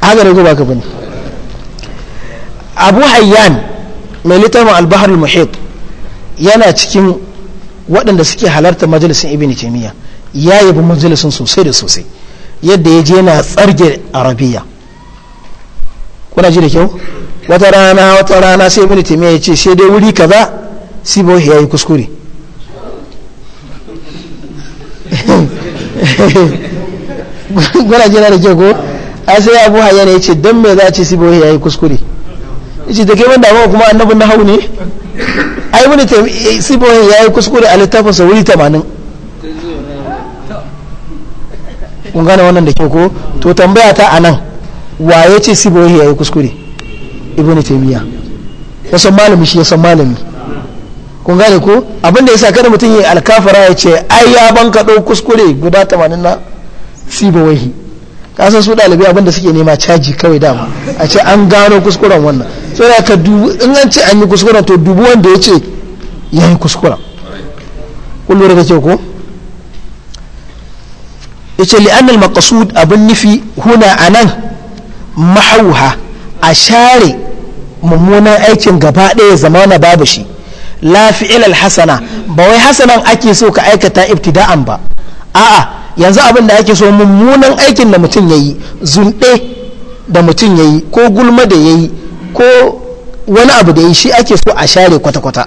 haka ne ba ka bani abu hayyan mai littafin albahar muhit yana cikin waɗanda suke halarta majalisun ibn taimiyya ya yabi majalisun sosai da sosai yadda ya je yana tsarge arabiya kuna ji da kyau wata rana wata rana sai ibn taimiyya ya ce sai dai wuri kaza sibo ya yi kuskure gwaraje na da ke ko a sai abu haya ne ce don me za a ce sibo ya yi kuskure ce da ke wanda amma kuma annabin na hau ne ai wani sibo ya yi kuskure a littafinsa wuri tamanin kun gane wannan da ke ko to tambaya ta a nan waye ce sibo ya yi kuskure ibn taymiya wasan malami shi ya san malami kun gane ko abinda ya sa kada mutum ya alkafara ya ce ai ya ka ɗau kuskure guda tamanin na ka kasan su ɗalibai abinda suke nema caji kawai dama a ce an gano kuskuren wannan so da ka dubu in an ce an yi kuskuren to dubu wanda ya ce ya yi kuskuren kun lura da ko ya ce li'annal maqasud abin nufi huna a nan mahauha a share mummunan aikin gaba ɗaya zamana babu shi la fi'ilal hasana ba wai hasanan ake so ka aikata ibtida'an ba a'a yanzu abin da ake so mummunan aikin da mutum yayi zunɗe da mutum yayi ko gulma da yayi ko wani abu da yi shi ake so a share kwata-kwata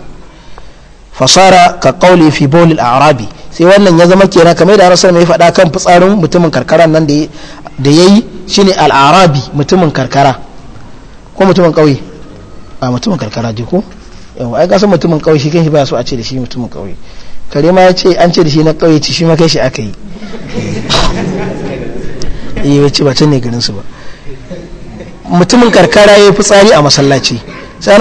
fasara ka kauli fi bolil arabi sai wannan ya zama kenan kamar da rasul mai faɗa kan fitsarin mutumin karkara nan da ya yi shine al'arabi mutumin karkara ko mutumin ƙauye a mutumin karkara ko yawa ai kasan mutumin kauye shi kanshi ba so a ce da shi mutumin kauye kare ma ya ce an ce da shi na kauye ci shi ma kai shi aka yi yi eh, wace ba can ne garin su ba mutumin karkara ya fitsari a masallaci sai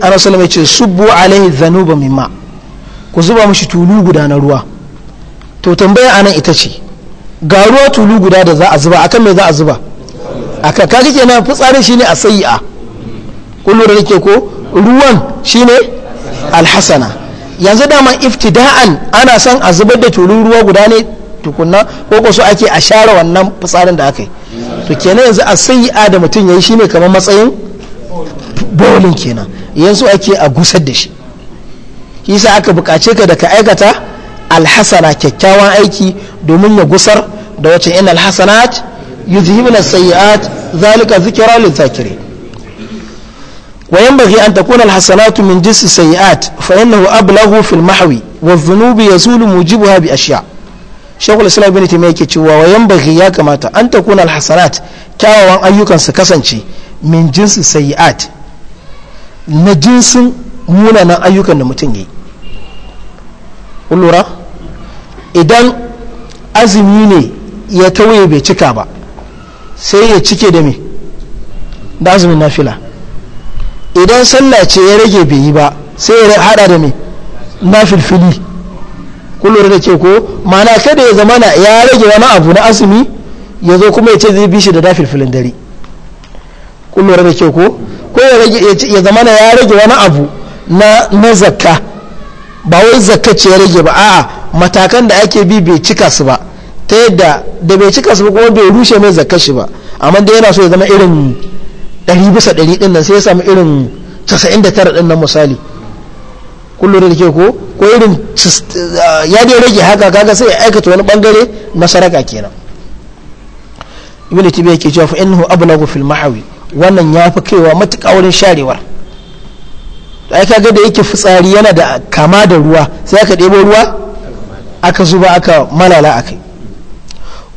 ana sallam ya ce subbu alaihi zanuba mimma ku zuba mashi tulu guda na ruwa to tambaya anan ita ce ga ruwa tulu guda da za a zuba akan me za a zuba akan kaga kenan fitsarin shine a a kullu da ke ko ruwan shine AlHassana yanzu dama iftida'an ana son a zubar da tururuwa ruwa guda ne tukunna ko ko ake a share wannan fitsarin da aka yi to kenan yanzu a sayi'a da mutum ya yi shi ne kamar matsayin bolin kenan yanzu ake a gusar da shi sa aka buƙace ka da ka aikata AlHassana kyakkyawan aiki domin ya gusar da wacce in alhasanat yuzhibna sayi'at zalika zikra lil zakirin وينبغي أن تكون الحسنات من جنس السيئات فإنه أبلغ في المحو والذنوب يزول موجبها بأشياء شيخ الإسلام بن تيمية كتشوا وينبغي يا كماتا أن تكون الحسنات كاوا أيوكا سكسنشي من جنس السيئات na jinsin munanan ayyukan da mutum yi lura idan azumi ne ya tawaye bai cika ba sai ya cike da me da azumin nafila idan sallah ce ya rage bai yi ba sai ya hada da me na filfili kullum da ke ko mana kada ya zama na ya rage wani abu na azumi ya zo kuma ya ce zai bi shi da na filfilin dare kullum da ke ko ko ya zama na ya rage wani abu na na zakka ba wai zakka ce ya rage ba a'a matakan da ake bi bai cika su ba ta yadda da bai cika su ba kuma bai rushe mai zakka shi ba amma dai yana so ya zama irin ɗari bisa ɗari ɗin nan sai ya samu irin 99 ɗin nan misali kullum da ke ko ko irin ah, ya dai rage haka kaga sai ya aikata wani bangare na saraka kenan ibnu tibiya ke cewa fa innahu ablagu fil mahawi wannan ya fi kaiwa matuƙa wurin sharewar ai kaga da yake fitsari yana da kama da ruwa sai aka ɗebo ruwa aka zuba aka malala akai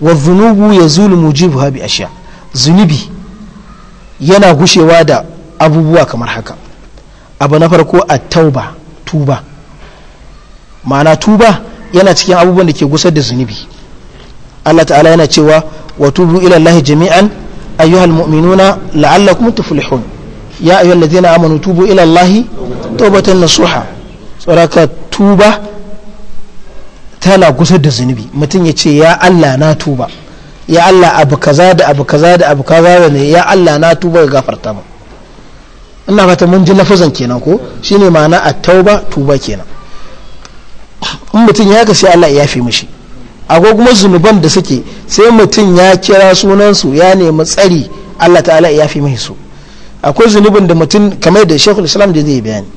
wa zunubu ya zulu mujibu habi Asha zunubi yana gushewa da abubuwa kamar haka abu na farko a tauba tuba ma'ana tuba yana cikin abubuwan da ke gusar da zunubi Allah ta'ala yana cewa wa tubu ila lahi jami'an ayyuhal mu'minuna la'allakum tuflihun ya ayyuhal ladzina amanu tubu ila tawbatan nasuha tsoraka tuba tana gusar da zunubi mutum ya ce ya Allah na tuba ya Allah abu kaza da abu kaza da abu kaza da ne ya Allah na tuba ya gafarta mu ina fata mun ji lafazan kenan ko shine ma'ana a tauba tuba kenan in mutum ya kashe Allah ya fi mishi akwai kuma zunuban da suke sai mutum ya kira sunansu ya nemi tsari Allah ta'ala ya fi mishi su akwai zunubin da mutum kamar da shekul islam da zai bayani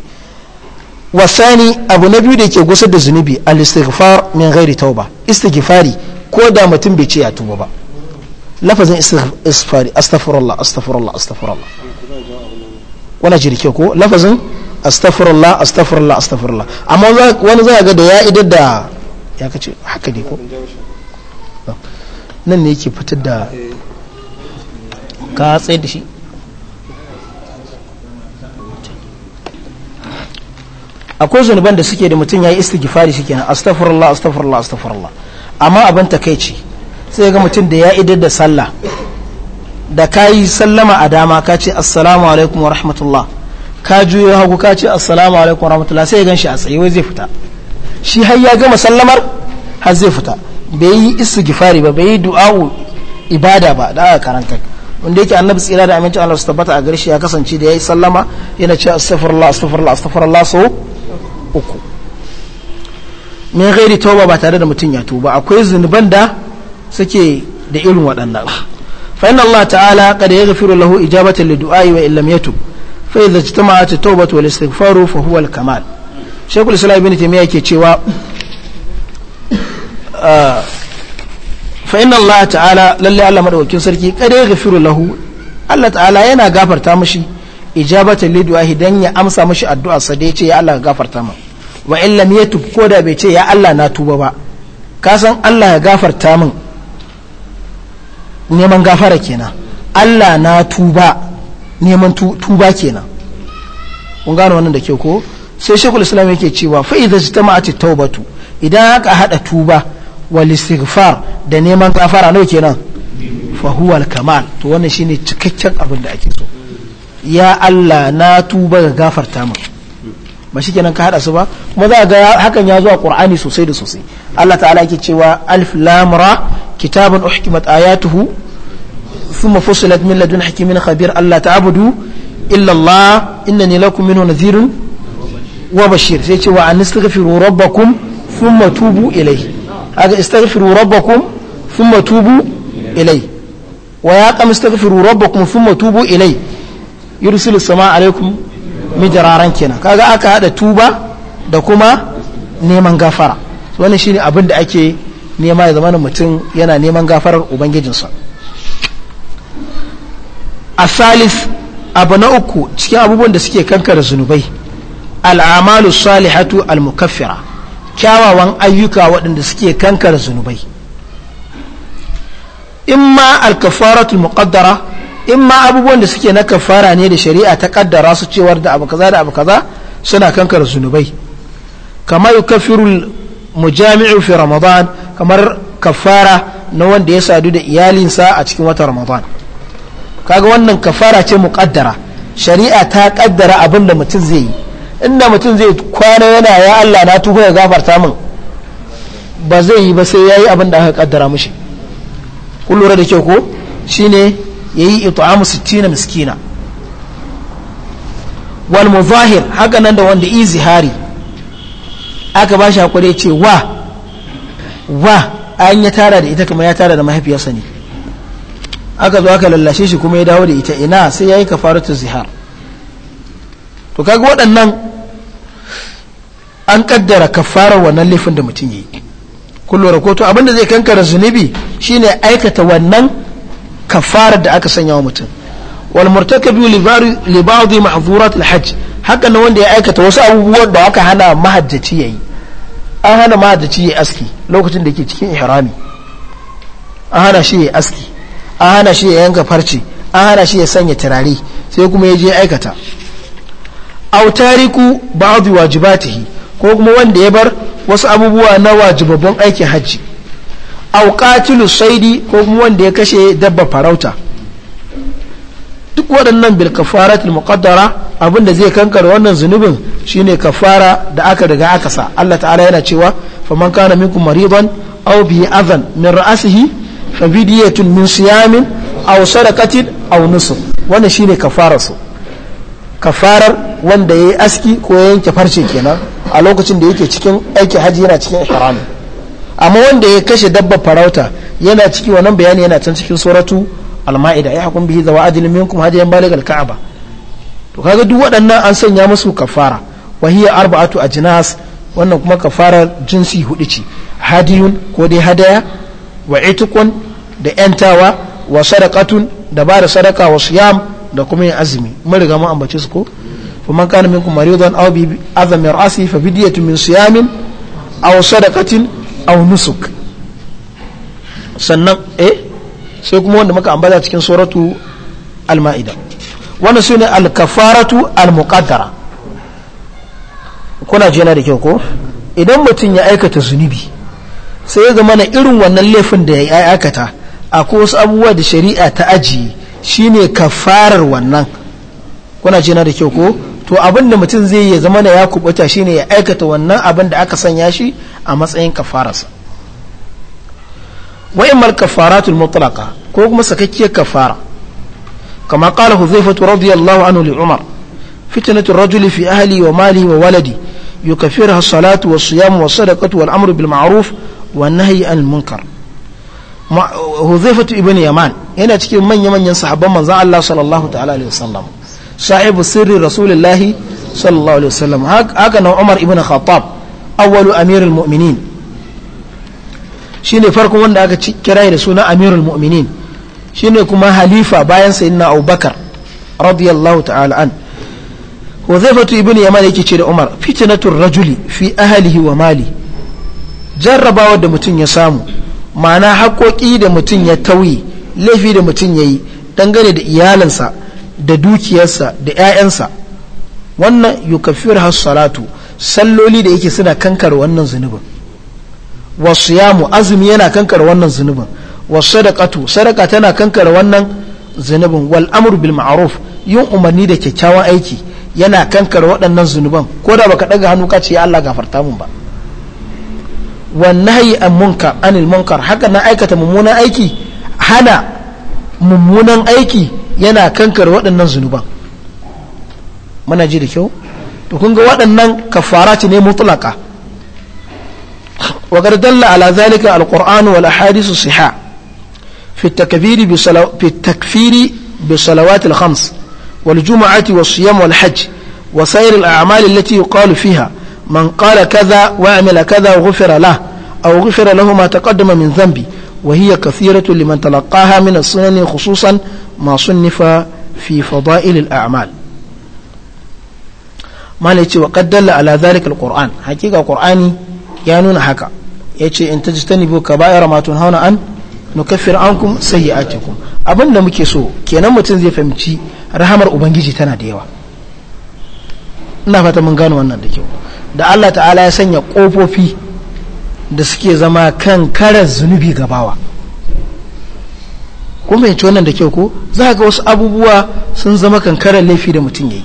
wasani abu na biyu da ke gusar da zunubi al-istighfar min ghairi tauba istighfari ko da mutum bai ce ya tuba ba lafazin istighfari astaghfirullah astaghfirullah astaghfirullah wala ji rike ko lafazin astaghfirullah astaghfirullah astaghfirullah amma wani za ga da ya idar da ya kace haka ne ko nan ne yake fitar da ka tsaye da shi akwai zunuban da suke da mutum ya yi istighfari shi kenan astaghfirullah astaghfirullah astaghfirullah amma abin ce. sai ga mutum da ya idar da sallah da ka yi sallama a dama ka ce assalamu alaikum wa rahmatullah ka juyo hagu ka ce assalamu alaikum wa rahmatullah sai ya gan shi a tsaye wai zai fita shi har ya gama sallamar har zai fita bai yi gifari ba bai yi du'a'u ibada ba da aka karanta wanda yake annabi tsira da amincin Allah su tabbata a garshi ya kasance da yayi sallama yana ce astaghfirullah astaghfirullah astaghfirullah so uku mai gairi tauba ba tare da mutum ya tuba akwai zunuban da suke da irin waɗannan fa inna Allah ta'ala qad lahu ijabatan li du'ai wa illam yatub fa idza at wal istighfaru fa huwa al-kamal Sheikhul Islam Ibn Taymiyyah yake cewa ah, fa inna Allah ta'ala lalle Allah sarki qad yaghfiru lahu Allah ta'ala yana gafarta mishi li ya amsa mishi addu'ar sa ya Allah gafarta min wa ko bai ce ya Allah na tuba ba ka Allah ya gafarta min neman gafara kenan Allah na tuba neman tuba kenan kun gano wannan da ke ko sai shekul islam yake cewa fa idza jitama'at taubatu idan aka haɗa tuba wal istighfar da neman gafara nawa kenan fa huwa al kamal to wannan shine cikakken abin da ake so ya Allah na tuba ga gafarta min ba shi kenan ka haɗa su ba kuma za ga hakan ya zo a qur'ani sosai da sosai Allah ta'ala yake cewa alif lam kitabun uhkimat ayatuhu thumma fusilat min ladun hakimin khabir Allah ta'budu illa Allah innani lakum minhu nadhirun wa bashir sai ce wa anistaghfiru rabbakum thumma tubu ilayhi haka istaghfiru rabbakum thumma tubu ilayhi wa ya qam istaghfiru rabbakum thumma tubu ilayhi yursilu samaa alaykum mijraran kina kaga aka hada tuba da kuma neman gafara wannan shine abin da ake nema ya zamanin mutum yana neman gafarar ubangijinsa a salis abu na uku cikin abubuwan da suke kankara zunubai al'amalu salihatu al-mukaffira kyawawan ayyuka waɗanda suke kankara zunubai imma al-kafaratul muqaddara imma abubuwan da suke na kafara ne da shari'a ta kaddara su cewar da abu kaza da abu kaza suna kankara zunubai kama yukaffiru mujami'u fi ramadan kamar kafara na wanda ya sadu da iyalinsa a cikin wata ramadan kaga wannan kafara ce muƙaddara shari'a ta ƙaddara abin da mutum zai yi inda mutum zai kwana yana ya Allah na tuhu ya gafarta min ba zai yi ba sai ya yi abin da aka ƙaddara mishi kun lura da kyau ko shine yayi it'amu 60 miskina wal muzahir haka nan da wanda izihari aka bashi hakuri ya ce wa wa an ya tara da ita kamar ya tara da mahaifiyarsa ne aka zo aka lallashe shi kuma ya dawo da ita ina sai ya yi kafaratu zihar to kaga waɗannan an kaddara fara wannan laifin da mutum yi kullum rakoto abinda zai kankara zunubi shine aikata wannan kafarar da aka sanya wa mutum wal murtakabi li ba'dhi ma'dhurat al hajj haka wanda ya aikata wasu abubuwan da aka hana mahajjaci yayi an hana da ya aski lokacin da ke cikin ihrami an hana shi ya aski an hana shi ya yanka farce an hana shi ya sanya turare sai kuma ya je aikata autariku ba abu wajibatihi ko kuma wanda ya bar wasu abubuwa na wajibabban aikin hajji aw saidi ko kuma wanda ya kashe dabba farauta duk waɗannan bilkafaratul kafaratil muqaddara abin da zai kankar wannan zunubin shine kafara da aka riga aka sa Allah ta'ala yana cewa faman kana minkum maridan aw bi adhan min ra'sihi fa bidiyatun min siyamin aw sadaqatin aw nusuk wannan shine kafarar su kafarar wanda yayi aski ko yanke farce kenan a lokacin da yake cikin aiki haji yana cikin ihram amma wanda ya kashe dabba farauta yana ciki wannan bayani yana can cikin suratu al-ma'ida ya hukum bihi zawa adil minkum hadiyan baligh al-ka'aba to kaga duk waɗannan an sanya musu kafara wa hiya arba'atu ajnas wannan kuma kafarar jinsi hudu ce hadiyun ko dai hadaya wa itqun da yantawa wa sadaqatun da ba da sadaka wa siyam da kuma yin azumi mun riga mun ambace su ko fa man kana minkum maridan aw bi azami ra'si fa fidyatun min siyamin aw sadaqatin aw nusuk sannan eh sai kuma wanda muka ambata cikin suratu al maidah wannan su ne alkafaratu almuqaddara kuna ji yana da kyau ko idan mutum ya aikata zunubi sai ya zama na irin wannan laifin da ya aikata akwai wasu abubuwa da shari'a ta ajiye shine kafarar wannan kuna ji yana da kyau ko to abin da mutum zai ya zama na ya kubuta shine ya aikata wannan abin da aka sanya shi a matsayin kafararsa wa'immal kafaratul mutlaqa ko kuma sakakkiyar kafara كما قال حذيفة رضي الله عنه لعمر فتنة الرجل في أهلي ومالي وولدي يكفرها الصلاة والصيام والصدقة والأمر بالمعروف والنهي عن المنكر Huzaifatu ibn Yaman yana cikin manya-manyan sahabban manzon Allah sallallahu ta'ala alaihi wasallam sahibu sirri rasulullahi sallallahu alaihi wasallam haka na Umar ibn Khattab awwalu amirul mu'minin ne farkon wanda aka kira da suna amirul mu'minin shine kuma halifa bayan sayyidina abubakar radiyallahu ta'ala an huzaifatu ibn yaman yake ce da umar fitnatur rajuli fi ahlihi wa mali jarrabawa da mutum ya samu ma'ana haƙoƙi da mutum ya tauye laifi da mutum ya yi dangane da iyalansa da dukiyarsa da 'ya'yansa wannan yukafir salatu salloli da yake suna kankar wannan zunubin wasu yamu azumi yana kankar wannan zunubin wasadaqatu sadaka tana kankare wannan zunubin wal amru bil ma'ruf yin umarni da kyakkyawan aiki yana kankare waɗannan zunuban ko da baka daga hannu ka ce ya Allah gafarta mun ba wan nahyi an munkar anil munkar haka na aikata mummunan aiki hana mummunan aiki yana kankare waɗannan zunuban muna ji da kyau to kun ga waɗannan kafara ce ne mutlaka wa dalla ala zalika alqur'anu wal ahadithu في التكفير بصلو... في التكفير بالصلوات الخمس والجمعة والصيام والحج وسائر الأعمال التي يقال فيها من قال كذا وعمل كذا وغفر له أو غفر له ما تقدم من ذنبي وهي كثيرة لمن تلقاها من السنن خصوصا ما صنف في فضائل الأعمال ما نيتي وقد دل على ذلك القرآن حقيقة قرآني يانون حكا يتي إن تجتنبوا كبائر ما تنهون عن nukaffir ankum sayyi'atikum abin da muke so kenan mutum zai fahimci rahamar ubangiji tana da yawa ina fata mun gano wannan da kyau da Allah ta'ala ya sanya kofofi da suke zama kan karar zunubi gabawa kun fahimci wannan da kyau ko za ga wasu abubuwa sun zama kan karar laifi da mutum ya yi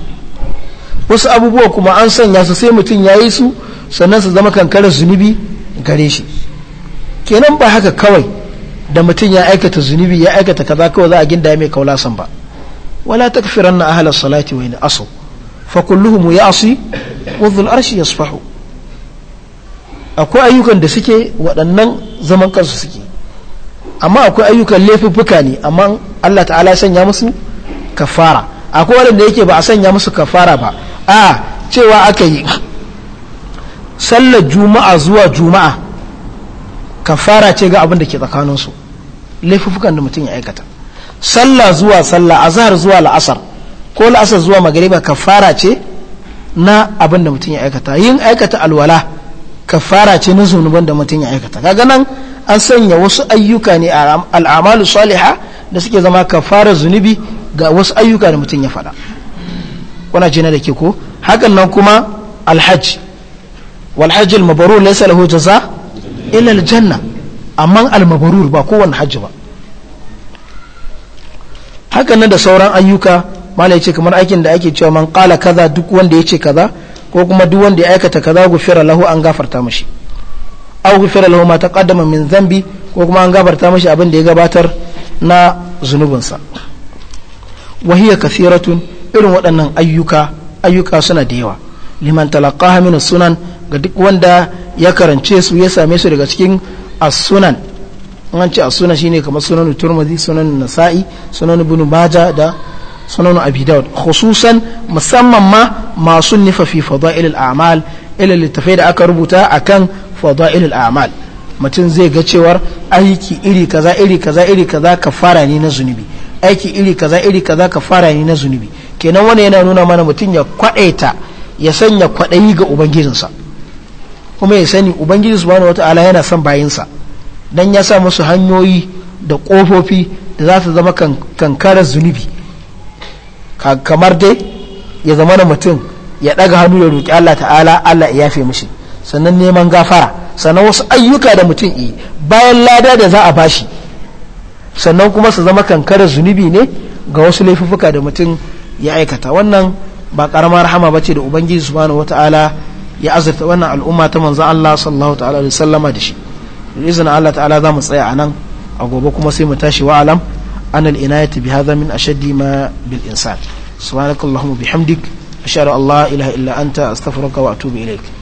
wasu abubuwa kuma an sanya su sai mutum ya yi su sannan su zama kan karar zunubi gare shi kenan ba haka kawai da mutum ya aikata zunubi ya aikata kaza kawai za a ginda mai san ba wala takfiranna ahlas salati wa in asu fa kulluhum ya'si wa dhul arshi yasfahu akwai ayyukan da suke waɗannan zaman kansu suke amma akwai ayyukan laifuffuka ne amma Allah ta'ala ya sanya musu kafara akwai wanda yake ba a sanya musu kafara ba a cewa aka yi sallar juma'a zuwa juma'a kafara ce ga abin da ke tsakaninsu laifukan da mutum ya aikata sallah zuwa sallah azhar zuwa la'asar ko la'asar zuwa magariba kafara ce na abin da mutum ya aikata yin aikata alwala kafara ce na zunuban da mutum ya aikata kaga nan an sanya wasu ayyuka ne al'amalu saliha da suke zama kafara zunubi ga wasu ayyuka da mutum ya faɗa kuna jina da ke ko hakan nan kuma alhaji walhajji almabarur laysa lahu jaza illa aljanna amma almabarur ba kowanne hajji ba hakan nan da sauran ayyuka malai ce kamar aikin da ake cewa man qala kaza duk wanda ya ce kaza ko kuma duk wanda ya aikata kaza gufira lahu an gafarta mashi au gufira lahu ma taqaddama min zambi ko kuma an gafarta mashi abin da ya gabatar na zunubinsa wa hiya kathiratun irin waɗannan ayyuka ayyuka suna da yawa liman talaqaha min sunan ga duk wanda ya karance su ya same su daga cikin as-sunan an ce a suna shine kamar sunan turmudi sunan nasa'i sunan ibn da sunan abi daud khususan musamman ma masu nufa fi fadail al-a'mal ila littafai da aka rubuta akan fadail al-a'mal mutum zai ga cewar aiki iri kaza iri kaza iri kaza kafara ne na zunubi aiki iri kaza iri kaza kafara ne na zunubi kenan wani yana nuna mana mutum ya kwadaita ya sanya kwadayi ga ubangijinsa kuma ya sani ubangiji subhanahu wataala yana son bayinsa dan ya sa musu hanyoyi da ƙofofi da za su zama kankarar zunubi kamar dai ya zama da mutum ya ɗaga hannu ya roƙi Allah ta'ala Allah ya yafe mishi sannan neman gafara sannan wasu ayyuka da mutum yi bayan lada da za a bashi sannan kuma su zama kankarar zunubi ne ga wasu laifuffuka da mutum ya aikata wannan ba karamar rahama bace da ubangiji subhanahu wataala ya azurta wannan al'umma ta manzo Allah sallallahu ta'ala alaihi wasallama da shi da izinin Allah ta'ala za mu tsaya a nan a gobe kuma sai mu tashi wa'alam an al'inayati bi hadha min ashaddi ma bil insan subhanakallahumma bihamdik ashhadu an la ilaha illa anta astaghfiruka wa atubu ilaik